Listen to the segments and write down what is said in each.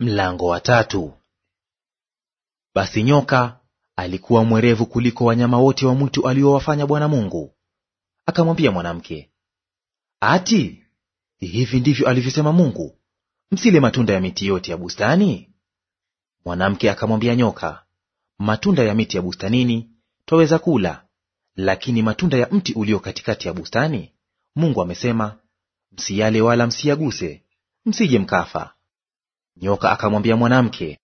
Mlango wa tatu. Basi nyoka alikuwa mwerevu kuliko wanyama wote wa mwitu aliowafanya Bwana Mungu. Akamwambia mwanamke, ati hivi ndivyo alivyosema Mungu, msile matunda ya miti yote ya bustani? Mwanamke akamwambia nyoka, matunda ya miti ya bustanini twaweza kula, lakini matunda ya mti ulio katikati ya bustani Mungu amesema, msiyale wala msiyaguse, msije mkafa. Nyoka akamwambia mwanamke,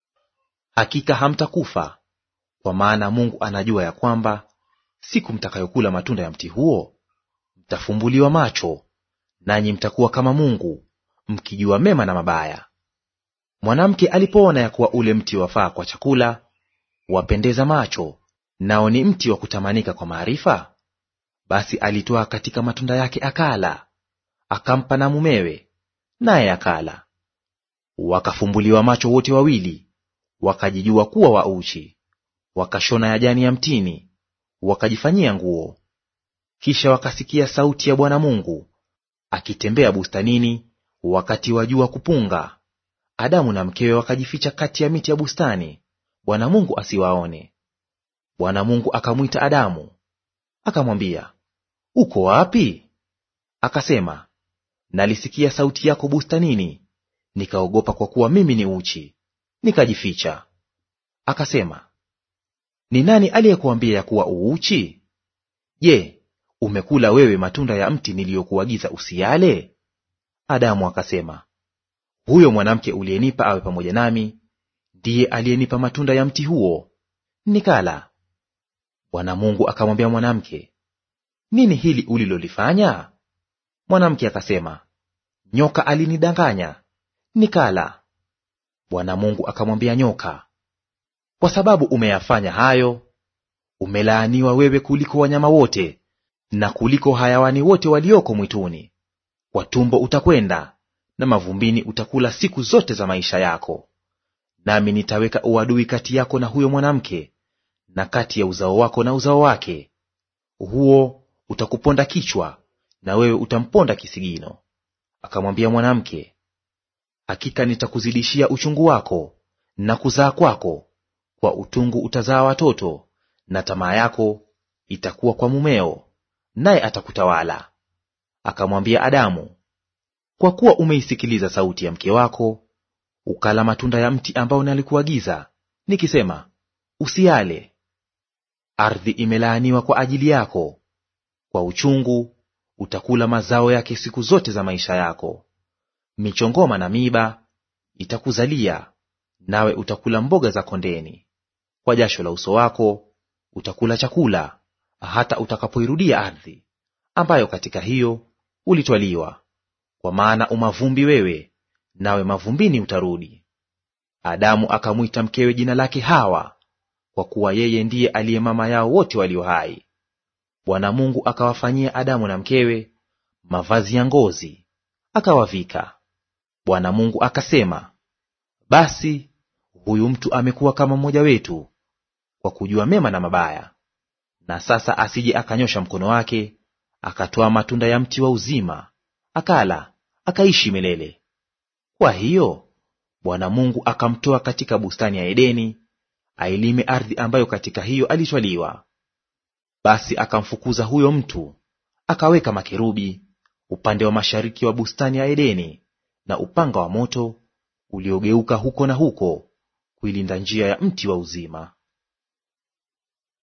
hakika hamtakufa, kwa maana Mungu anajua ya kwamba siku mtakayokula matunda ya mti huo mtafumbuliwa macho, nanyi mtakuwa kama Mungu, mkijua mema na mabaya. Mwanamke alipoona ya kuwa ule mti wafaa kwa chakula, wapendeza macho, nao ni mti wa kutamanika kwa maarifa, basi alitoa katika matunda yake akala, akampa na mumewe, naye akala. Wakafumbuliwa macho wote wawili, wakajijua kuwa wauchi. Wakashona yajani ya mtini, wakajifanyia nguo. Kisha wakasikia sauti ya Bwana Mungu akitembea bustanini wakati wa jua kupunga. Adamu na mkewe wakajificha kati ya miti ya bustani, Bwana Mungu asiwaone. Bwana Mungu akamwita Adamu akamwambia, uko wapi? Akasema, nalisikia sauti yako bustanini, nikaogopa kwa kuwa mimi ni uchi, nikajificha. Akasema, ni nani aliyekuambia ya kuwa uuchi? Je, umekula wewe matunda ya mti niliyokuagiza usiale? Adamu akasema, huyo mwanamke uliyenipa awe pamoja nami ndiye aliyenipa matunda ya mti huo, nikala. Bwana Mungu akamwambia mwanamke, nini hili ulilolifanya? Mwanamke akasema, nyoka alinidanganya, nikala. Bwana Mungu akamwambia nyoka, kwa sababu umeyafanya hayo, umelaaniwa wewe kuliko wanyama wote na kuliko hayawani wote walioko mwituni. Kwa tumbo utakwenda na mavumbini utakula siku zote za maisha yako. Nami nitaweka uadui kati yako na huyo mwanamke, na kati ya uzao wako na uzao wake; huo utakuponda kichwa, na wewe utamponda kisigino. Akamwambia mwanamke, hakika nitakuzidishia uchungu wako na kuzaa kwako; kwa utungu utazaa watoto, na tamaa yako itakuwa kwa mumeo, naye atakutawala. Akamwambia Adamu, kwa kuwa umeisikiliza sauti ya mke wako, ukala matunda ya mti ambao nalikuagiza nikisema, usiale, ardhi imelaaniwa kwa ajili yako; kwa uchungu utakula mazao yake siku zote za maisha yako michongoma na miba itakuzalia, nawe utakula mboga za kondeni. Kwa jasho la uso wako utakula chakula hata utakapoirudia ardhi ambayo katika hiyo ulitwaliwa, kwa maana umavumbi wewe, nawe mavumbini utarudi. Adamu akamwita mkewe jina lake Hawa, kwa kuwa yeye ndiye aliye mama yao wote walio hai. Bwana Mungu akawafanyia Adamu na mkewe mavazi ya ngozi akawavika. Bwana Mungu akasema, basi huyu mtu amekuwa kama mmoja wetu kwa kujua mema na mabaya, na sasa asije akanyosha mkono wake akatoa matunda ya mti wa uzima akala akaishi milele. Kwa hiyo Bwana Mungu akamtoa katika bustani ya Edeni ailime ardhi ambayo katika hiyo alitwaliwa. Basi akamfukuza huyo mtu, akaweka makerubi upande wa mashariki wa bustani ya Edeni na upanga wa moto uliogeuka huko na huko kuilinda njia ya mti wa uzima.